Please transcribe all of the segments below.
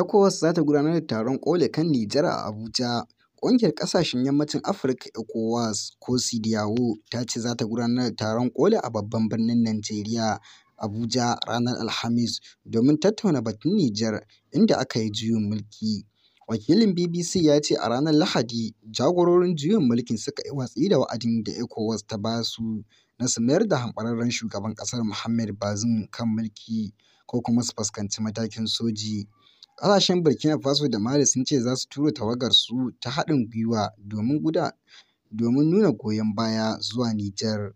ECOWAS za ta gudanar da taron ƙoli kan Nijar a Abuja. Ƙungiyar Ƙasashen Yammacin Afirka (ECOWAS) ko CDAO ta ce za ta gudanar da taron ƙoli a babban birnin Najeriya Abuja, ranar Alhamis domin tattauna batun Nijar, inda aka yi juyin mulki. Wakilin BBC ya ce a ranar Lahadi, jagororin juyin mulkin suka yi watsi da wa'adin da ECOWAS ta ba su na su mayar da hamɓararren shugaban ƙasar Mohamed Bazoum kan mulki ko kuma su fuskanci matakin soji. Ƙasashen Burkina Faso da Mali sun ce za su turo tawagarsu ta haɗin gwiwa domin nuna goyon baya zuwa Nijar.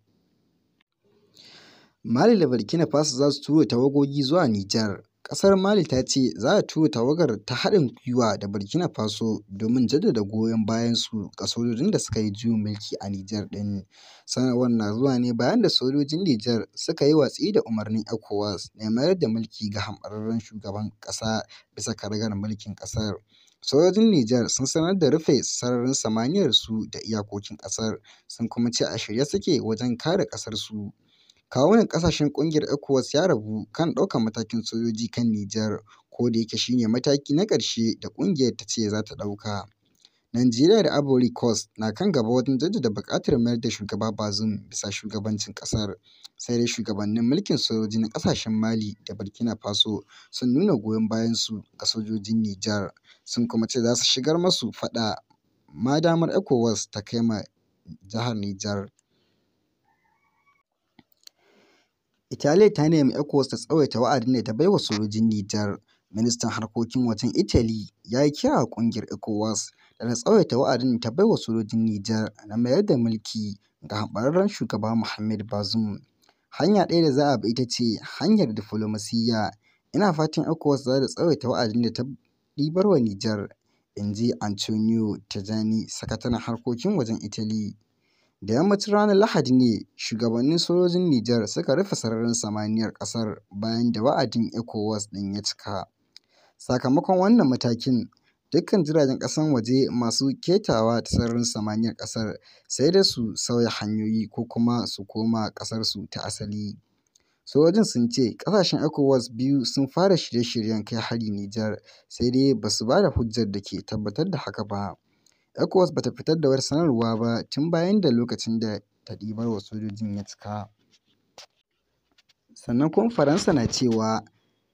Mali da Burkina Faso za su tura tawagogi zuwa Nijar. Ƙasar Mali ta ce za ta tura tawagar ta haɗin gwiwa da Burkina Faso domin jaddada goyon bayansu ga sojojin da suka yi juyin mulki a Nijar ɗin. Sanarwar na zuwa ne bayan da sojojin Nijar suka yi watsi da umarnin ECOWAS na mayar da mulki ga hamɓararren shugaban ƙasa bisa karagar mulkin ƙasar. Sojojin Nijar sun sanar da rufe sararin samaniyarsu da iyakokin ƙasar, sun kuma ce a shirye suke wajen kare ƙasarsu. Kawunan ƙasashen ƙungiyar ECOWAS ya rabu kan ɗaukan matakin sojoji kan Nijar, kodayake shi ne mataki na ƙarshe da ƙungiyar ta ce za ta ɗauka. Najeriya da Ivory Coast na kan gaba wajen jaddada buƙatar mayar da Shugaba Bazoum bisa shugabancin ƙasar, sai dai shugabannin mulkin sojoji na ƙasashen Mali da Burkina Faso sun nuna goyon bayan su ga sojojin Nijar, sun kuma ce za su shigar masu faɗa ma damar ECOWAS ta kai ma jihar Nijar. Italiya ta nemi ECOWAS ta tsawaita wa'adin da ta baiwa sojojin Nijar. Ministan Harkokin Wajen Italy ya yi kira ga ƙungiyar ECOWAS da ta tsawaita wa'adin da ta baiwa sojojin Nijar na mayar da mulki ga haɓararren shugaba Mohamed Bazoum. Hanya ɗaya da za a bi ita ce hanyar diflomasiyya. Ina fatan ECOWAS za ta tsawaita wa'adin da ta ɗibarwa Nijar, inji Antonio Tajani, sakataren harkokin wajen Italy. Da yammacin ranar Lahadi ne shugabannin sojojin Nijar suka rufe sararin samaniyar ƙasar bayan da wa'adin ECOWAS ɗin ya cika. Sakamakon wannan matakin, dukkan jiragen ƙasar waje masu ketawa ta sararin samaniyar ƙasar sai dai su sauya hanyoyi ko kuma su koma ƙasarsu ta asali. Sojojin sun ce ƙasashen ECOWAS biyu sun fara shirye-shiryen kai hari Nijar, sai dai ba su ba da hujjar da ke tabbatar da haka ba. ECOWAS ba ta fitar da wata sanarwa ba tun bayan da lokacin da ta wa sojojin ya cika. Sannan kuma Faransa na cewa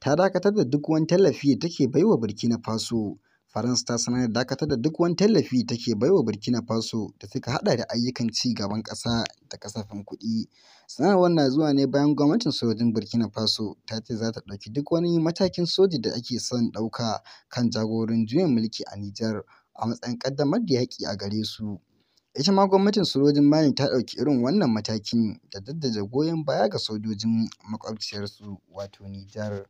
ta dakatar da duk wani tallafi da take baiwa Burkina Faso. Faransa ta sanar da dakatar da duk wani tallafi da take baiwa Burkina Faso da suka haɗa da ayyukan ci gaban ƙasa da kasafin kuɗi. Sanarwar na zuwa ne bayan gwamnatin sojojin Burkina Faso ta ce za ta ɗauki duk wani matakin soji da ake son ɗauka kan jagororin juyin mulki a Nijar. a matsayin ƙaddamar da yaƙi a gare su. Ita ma gwamnatin sojojin Mali ta ɗauki irin wannan matakin da daddaje goyon baya ga sojojin maƙwabciyarsu wato Nijar.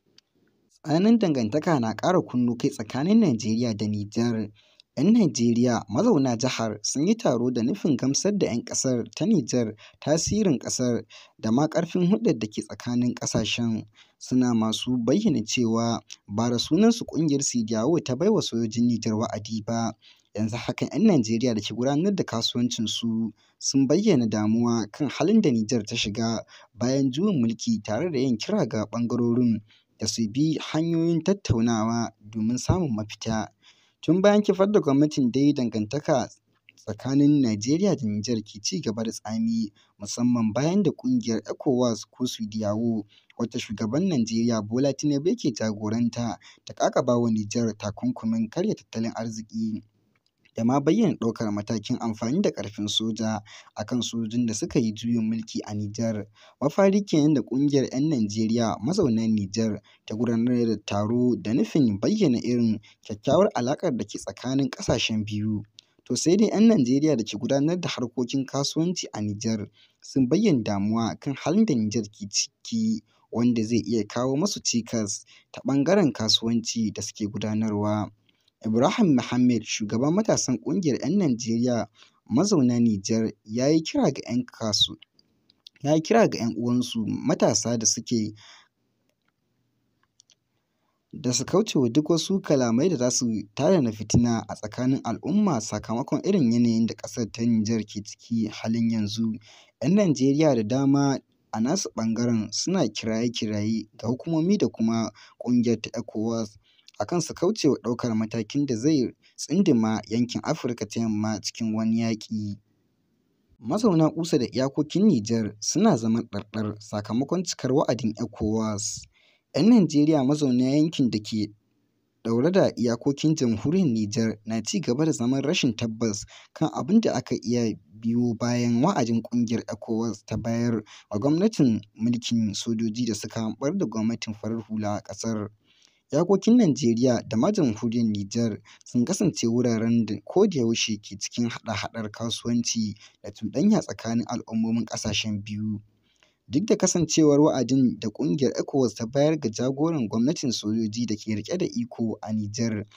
Tsananin dangantaka na ƙara kunnu kai tsakanin Najeriya da Nijar. ‘Yan Najeriya mazauna jihar sun yi taro da nufin gamsar da ‘yan ƙasar ta Nijar tasirin ƙasar da ma ƙarfin hulɗar da ke tsakanin ƙasashen, suna masu bayyana cewa ba bara sunansu ƙungiyar Sidiyawo ta baiwa sojojin Nijar wa'adi ba, yanzu haka ‘yan Najeriya da ke gudanar da kasuwancinsu sun bayyana damuwa kan halin da Nijar ta shiga bayan juyin mulki tare da yin kira ga ɓangarorin da su bi hanyoyin tattaunawa domin samun mafita. Tun bayan kifar da gwamnatin dai dangantaka tsakanin Najeriya da Nijar ke ci gaba da tsami, musamman bayan da ƙungiyar ECOWAS ko Sudiyawo, wata shugaban Najeriya Bola Tinubu yake jagoranta, ta ƙaƙabawa Nijar takunkumin karya tattalin arziki. da ma bayyana ɗaukar matakin amfani da ƙarfin soja a kan sojojin da suka yi juyin mulki a Nijar. Mafari kenan da ƙungiyar 'yan Najeriya mazaunan Nijar ta gudanar da taro da nufin bayyana irin kyakkyawar alaƙar da ke tsakanin ƙasashen biyu. To sai dai 'yan Najeriya da ke gudanar da harkokin kasuwanci a Nijar sun bayyana damuwa kan halin da Nijar ke ciki wanda zai iya kawo masu cikas ta ɓangaren kasuwanci da suke gudanarwa. Ibrahim Mohammed, shugaban matasan ƙungiyar 'yan Najeriya mazauna Nijar ya yi kira ga 'yan uwansu matasa da suke. Da su wa duk wasu kalamai da za su tada fitina a tsakanin al'umma sakamakon irin yanayin da ƙasar ta Nijar ke ciki halin yanzu. 'Yan Najeriya da dama a nasu ɓangaren suna kiraye-kiraye ga hukumomi da kuma ƙungiyar ta ECOWAS Akan kan su kauce wa ɗaukar matakin da zai tsindima yankin Afirka ta Yamma cikin wani yaƙi. Mazauna ƙusa da iyakokin Nijar suna zaman ɗarɗar sakamakon cikar wa'adin ECOWAS. 'Yan Najeriya mazauna yankin da ke ɗaure da iyakokin jamhuriyar Nijar na ci gaba da zaman rashin tabbas kan abin da aka iya biyo bayan wa'adin ƙungiyar ECOWAS ta bayar wa gwamnatin mulkin sojoji da suka hamɓar da gwamnatin farar hula a ƙasar. Iyakokin Najeriya da ma Jamhuriyar Nijar sun kasance wuraren da ko da yaushe ke cikin haɗa-haɗar kasuwanci da cuɗanya tsakanin al'ummomin ƙasashen biyu. Duk da kasancewar wa'adin da ƙungiyar ECOWAS ta bayar ga jagoran gwamnatin sojoji da ke riƙe da iko a Nijar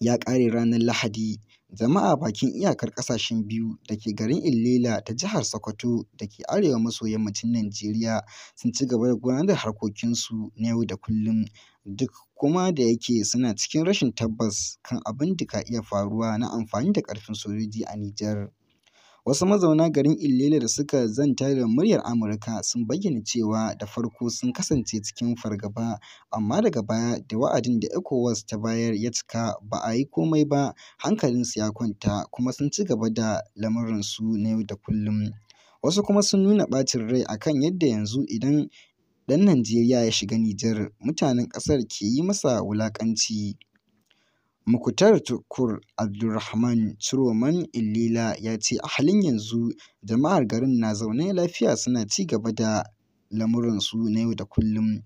ya ƙare ranar Lahadi. Jama'a bakin iyakar ƙasashen biyu da ke garin Ilela ta Jihar Sokoto da ke arewa maso yammacin Najeriya sun ci gaba da gudanar da harkokinsu na yau da kullum, duk kuma da yake suna cikin rashin tabbas kan abin da ka iya faruwa na amfani da ƙarfin sojoji a Nijar. Wasu mazauna garin ilele da suka zanta da muryar Amurka sun bayyana cewa da farko sun kasance cikin fargaba, amma daga baya da wa'adin da ECOWAS ta bayar ya cika ba a yi komai ba, hankalinsu ya kwanta kuma sun ci gaba da lamuransu na yau da kullum. Wasu kuma sun nuna ɓacin rai a kan yadda yanzu idan ɗan Najeriya ya shiga Nijar, mutanen ƙasar ke yi masa wulaƙanci. Muktar Tukur abdulrahman Ciroman Illila ya ce a halin yanzu jama'ar garin na zaune lafiya suna ci gaba da lamuransu na yau da kullum.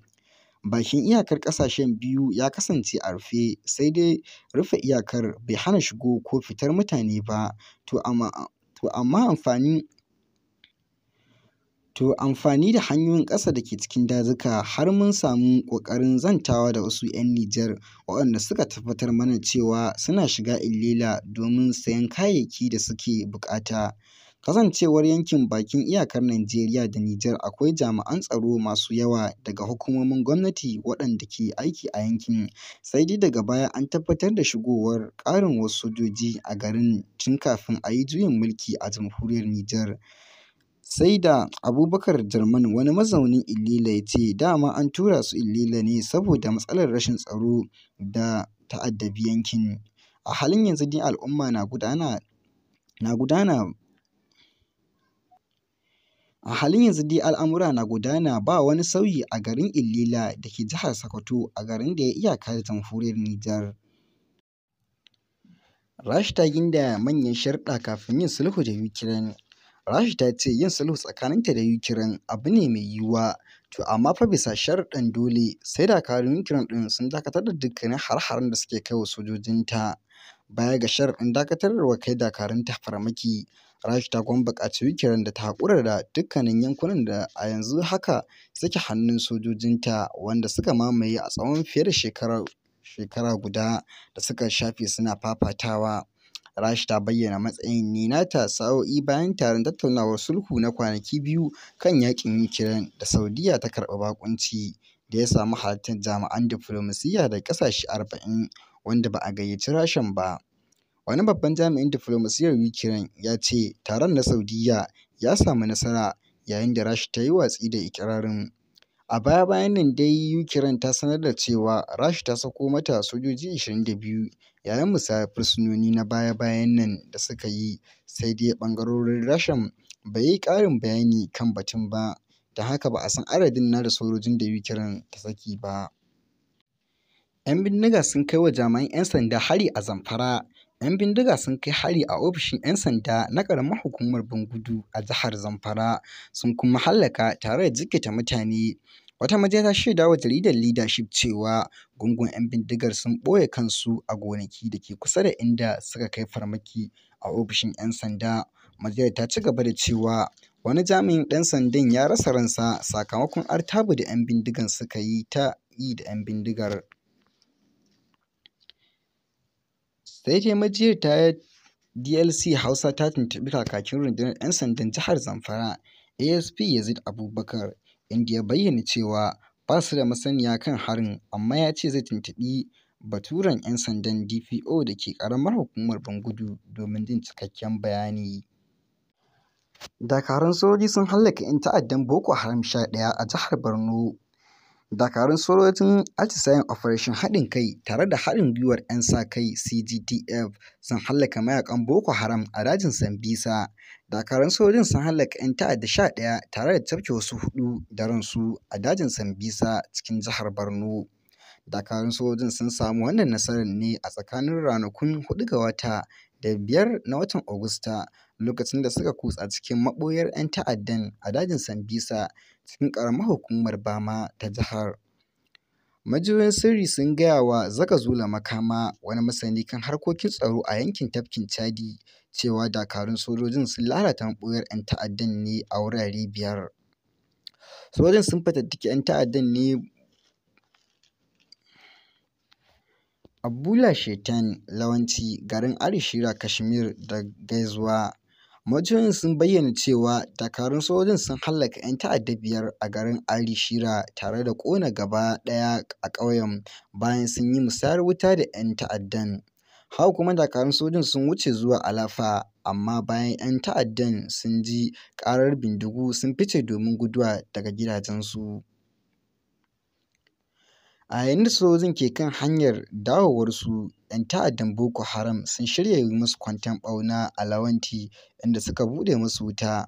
Bakin iyakar ƙasashen biyu ya kasance a rufe, sai dai rufe iyakar bai hana shigo ko fitar mutane ba, to amma amfani to amfani da hanyoyin ƙasa da ke cikin dazuka har mun samu ƙoƙarin zantawa da wasu 'yan Nijar waɗanda suka tabbatar mana cewa suna shiga Illela domin sayan kayayyaki da suke buƙata. Kasancewar yankin bakin iyakar Najeriya da Nijar akwai jami'an tsaro masu yawa daga hukumomin gwamnati waɗanda ke aiki a yankin, sai dai daga baya an tabbatar da shigowar ƙarin wasu sojoji a garin tun kafin a yi juyin mulki a Jamhuriyar Nijar. Sai da Abubakar Jarman, wani mazaunin Ilila ya ce da an tura su Ilila ne saboda matsalar rashin tsaro da ta'addabi yankin. A halin yanzu dai al'umma na gudana ba wani sauyi a garin Ilila da ke jihar Sokoto a garin da ya iya iyaka da Nijar. Rashi ta manyan sharɗa kafin yin sulhu da Ukraine. Rasha ta ce yin sulhu tsakaninta da Ukraine abu ne mai yiwuwa, to amma fa bisa sharaɗin dole sai dakarun Ukraine ɗin sun dakatar da dukkanin hare-haren da suke kai wa sojojinta. Baya ga sharaɗin dakatarwa kai dakarunta farmaki, Rasha ta kuma buƙaci Ukraine da ta haƙura da dukkanin yankunan da a yanzu haka suke hannun sojojinta wanda suka mamaye a tsawon fiye da shekara guda da suka shafe suna fafatawa. Rashi ta bayyana matsayin ne nata sa'o'i bayan taron tattaunawar sulhu na kwanaki biyu kan yaƙin Ukraine da Saudiyya ta karɓi baƙunci, da ya samu halartar jami'an diflomasiyya da ƙasashe arba'in, wanda ba a gayyaci Rashan ba. Wani babban jami'in diflomasiyyar Ukraine ya ce taron na Saudiyya ya samu nasara yayin da Rasha ta yi watsi da ikirarin. A baya-bayan nan dai Ukraine ta sanar da cewa Rasha ta sako mata sojoji 22 yayin musayar fursunoni na baya-bayan nan da suka yi, sai dai ɓangarorin Rashan bai yi ƙarin bayani kan batun ba, don haka ba a san adadin na da sojojin da Ukraine ta saki ba. ‘Yan bindiga sun kai wa jami'an ‘yan sanda hari a Zamfara ‘Yan bindiga sun kai hari a ofishin ‘yan sanda na Ƙaramar Hukumar Bangudu a Jihar Zamfara sun kuma hallaka tare da jikkata mutane. Wata maje ta shaida wa jaridar Leadership cewa gungun ‘yan bindigar sun ɓoye kansu a gonaki da ke kusa da inda suka kai farmaki a ofishin ‘yan sanda. Majiyar ta ci gaba da cewa wani jami'in ɗan sandan ya rasa ransa sakamakon artabu da ‘yan bindigan suka yi ta yi da ‘yan bindigar. sai dai majiyar ta DLC Hausa ta tuntuɓi kakakin rundunar 'yan sandan jihar Zamfara ASP Yazid Abubakar, inda ya bayyana cewa ba su da masaniya kan harin amma ya ce zai tuntuɓi baturen 'yan sandan DPO da ke ƙaramar hukumar Bangudu domin jin cikakken bayani. Dakarun sojoji sun hallaka 'yan ta'addan Boko Haram 11 a jihar Borno. dakarun sojojin atisayen Operation Haɗin Kai tare da haɗin gwiwar 'yan sa-kai CGTF sun hallaka mayakan Boko Haram a dajin Sambisa. Dakarun sojojin sun hallaka 'yan ta'adda sha ɗaya, tare da tafke wasu huɗu da ransu a dajin Sambisa cikin jihar Borno. Dakarun sojojin sun samu wannan nasarar ne a tsakanin ranakun 4 ga wata da 5 na watan Agusta. lokacin da suka kutsa cikin maɓoyar 'yan ta'addan a dajin Sambisa cikin ƙaramar hukumar Bama ta jihar. Majiyoyin sirri sun gaya wa zaka zula Makama, wani masani kan harkokin tsaro a yankin tafkin Chadi, cewa dakarun sojojin sun lalata maɓoyar 'yan ta'addan ne a wurare biyar. Sojojin sun fatattaki 'yan ta'addan ne a Bula Shetan Lawanci, garin arishira Kashmir da Gaizawa. Majiyoyin sun bayyana cewa dakarun sojojin sun hallaka 'yan ta'adda biyar a garin Ali Shira tare da ƙona gaba ɗaya a ƙauyen bayan sun yi musayar wuta da 'yan ta'addan. Haka kuma dakarun sojojin sun wuce zuwa Alafa, amma bayan 'yan ta'addan sun ji ƙarar bindigu sun fice domin guduwa daga gidajensu. A yayin da sojojin ke kan hanyar dawowarsu, 'yan ta'addan Boko Haram sun shirya yi musu kwanton ɓauna a Lawanti, inda suka buɗe musu wuta,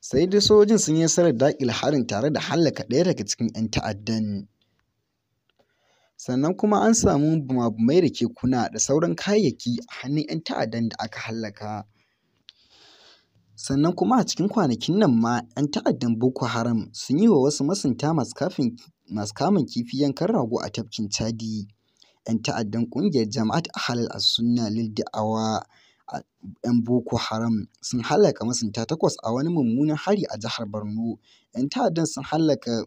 sai dai sojojin sun yi nasarar daƙile harin tare da hallaka ɗaya daga cikin 'yan ta'addan. Sannan kuma an samu bumabumai bumai da kekuna da sauran kayayyaki a hannun 'yan ta'addan da aka hallaka. Sannan kuma a cikin kwanakin nan ma 'yan ta'addan Boko Haram sun yi wa wasu masunta masu kamun kifi yankan rago a tafkin Chadi. 'Yan ta'addan ƙungiyar Jama'at Ahlul Sunna Lil Da'awa ('yan Boko Haram) sun hallaka masunta takwas a wani mummunan hari a jihar Borno. 'Yan ta'addan sun halaka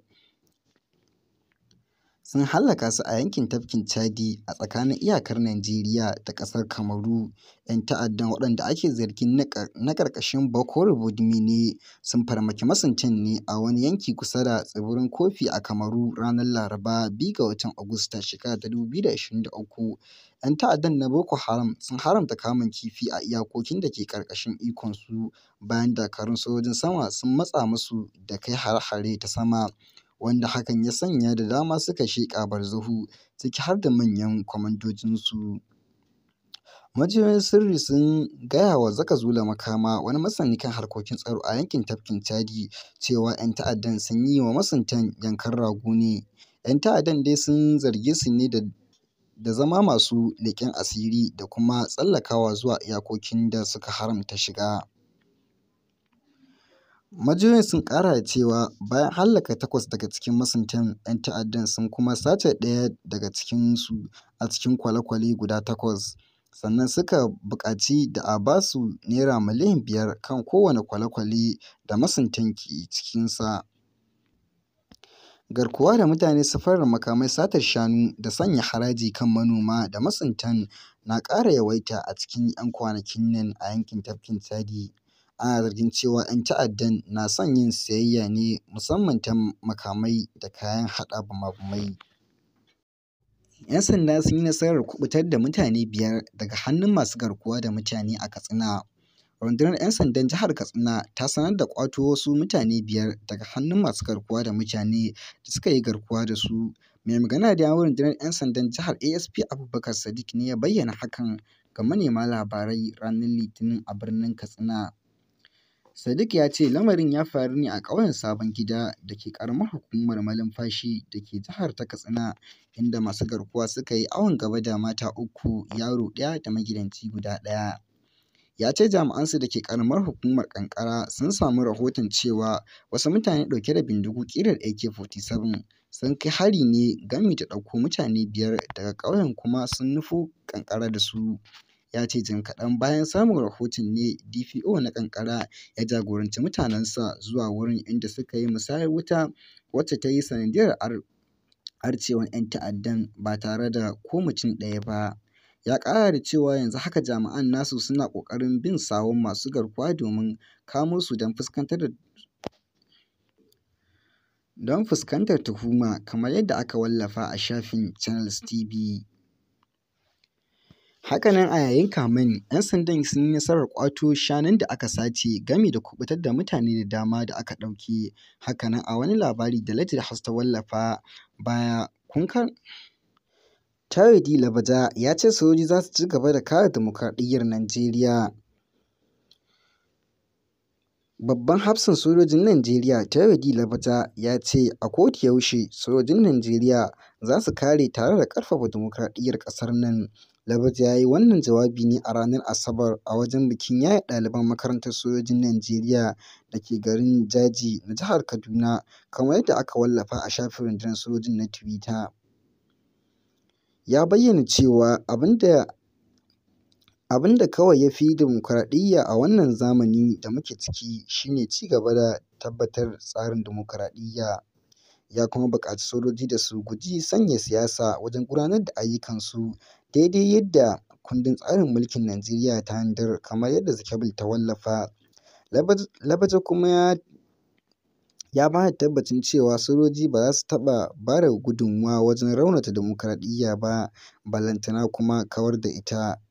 sun hallaka su a yankin tafkin Chadi a tsakanin iyakar Najeriya da ƙasar Kamaru. ‘Yan ta'addan waɗanda ake zargin na ƙarƙashin Boko ne sun farmaki masuntan ne a wani yanki kusa da tsibirin kofi a Kamaru ranar Laraba, 2 ga watan Agusta, shekarar 2023. ‘Yan ta'addan na Boko Haram sun haramta kamun kifi a iyakokin da ke ƙarƙashin ikonsu, bayan dakarun sojojin sama sun matsa musu da kai hare-hare ta sama. wanda hakan ya sanya da dama suka sheƙa barzahu ciki har da manyan kwamandojinsu. Majiyoyin sirri sun gaya wa zula Makama, wani masani kan harkokin tsaro a yankin tafkin Chadi, cewa 'yan ta'addan sun yi wa masuntan yankan rago ne. 'Yan ta'addan dai sun zarge su ne da zama masu leƙen asiri da kuma tsallakawa zuwa iyakokin da suka haramta shiga. Majiyoyin sun ƙara da cewa bayan hallaka takwas daga cikin masuntan 'yan ta'addan sun kuma sace ɗaya daga cikinsu a cikin kwale-kwale guda takwas, sannan suka buƙaci da a ba su Naira miliyan biyar kan kowane kwale-kwale da masuntan ke cikinsa. Garkuwa da mutane, fara makamai, satar shanu da sanya haraji kan manoma da masuntan na ƙara yawaita a cikin 'yan kwanakin nan a yankin Tafkin Chadi. Ana zargin cewa 'yan ta'addan na son yin sayayya ne musamman ta makamai da kayan haɗa bumabumai ‘Yan sanda sun yi nasarar kuɓutar da mutane biyar daga hannun masu garkuwa da mutane a Katsina. Rundunar ‘Yan Sandan Jihar Katsina ta sanar da ƙwato wasu mutane biyar daga hannun masu garkuwa da mutane da suka yi garkuwa da su. Mai magana da yawun Rundunar ‘Yan Sandan Jihar ASP Abubakar Sadiq ne ya bayyana hakan ga manema labarai ranar Litinin a birnin Katsina. Sadiq ya ce lamarin ya faru ne a ƙauyen Sabon Gida da ke ƙaramar hukumar Malumfashi da ke jihar ta Katsina, inda masu garkuwa suka yi awon gaba da mata uku, yaro ɗaya da magidanci guda ɗaya. Ya ce jami'ansu da ke ƙaramar hukumar ƙanƙara sun samu rahoton cewa wasu mutane ɗauke da bindigu ƙirar AK-47 sun kai hari ne gami da ɗauko mutane biyar daga ƙauyen kuma sun nufo ƙanƙara da su. ya ce jin kaɗan bayan samun rahoton ne DPO na ƙanƙara, ya jagoranci mutanensa zuwa wurin inda suka yi musayar wuta wacce ta yi sanadiyar arcewan 'yan ta'addan ba tare da ko mutum ɗaya ba. ya ƙara da cewa yanzu haka jami'an nasu suna ƙoƙarin bin sawun masu garkuwa domin kamo su don fuskantar da don fuskantar tuhuma kamar yadda aka wallafa a shafin Channels TV. Hakanan a yayin kamen, 'yan sandan sun yi nasarar ƙwato shanun da aka sace gami da kuɓutar da mutane da dama da aka ɗauke. Hakanan a wani labari da Legit House ta wallafa baya kun kar Taredi Labaja ya ce sojoji za su ci gaba da kare dimokuraɗiyyar Najeriya. Babban hafsan sojojin Najeriya Taredi Labaja ya ce a yaushe sojojin Najeriya za su kare tare da ƙarfafa dimokuraɗiyyar ƙasar nan. Labatt ya yi wannan jawabi ne a ranar Asabar a wajen bikin yaye ɗaliban Makarantar Sojojin Najeriya da ke garin Jaji na Jihar Kaduna, kamar yadda aka wallafa a shafin Rundunar Sojojin na Twitter. Ya bayyana cewa abin da kawai ya fi dimukuraɗiyya a wannan zamani da muke ciki shine ne ci gaba da tabbatar tsarin dimukuraɗiyya. ya kuma buƙaci sojoji da su guji sanya siyasa wajen gudanar da ayyukansu daidai yadda kundin tsarin mulkin Najeriya ta handar kamar yadda zakabil ta wallafa. Labaja kuma ya ba da tabbacin cewa sojoji ba za su taɓa ba da gudunmawa wajen raunata dimukuraɗiyya ba, ballantana kuma kawar da ita.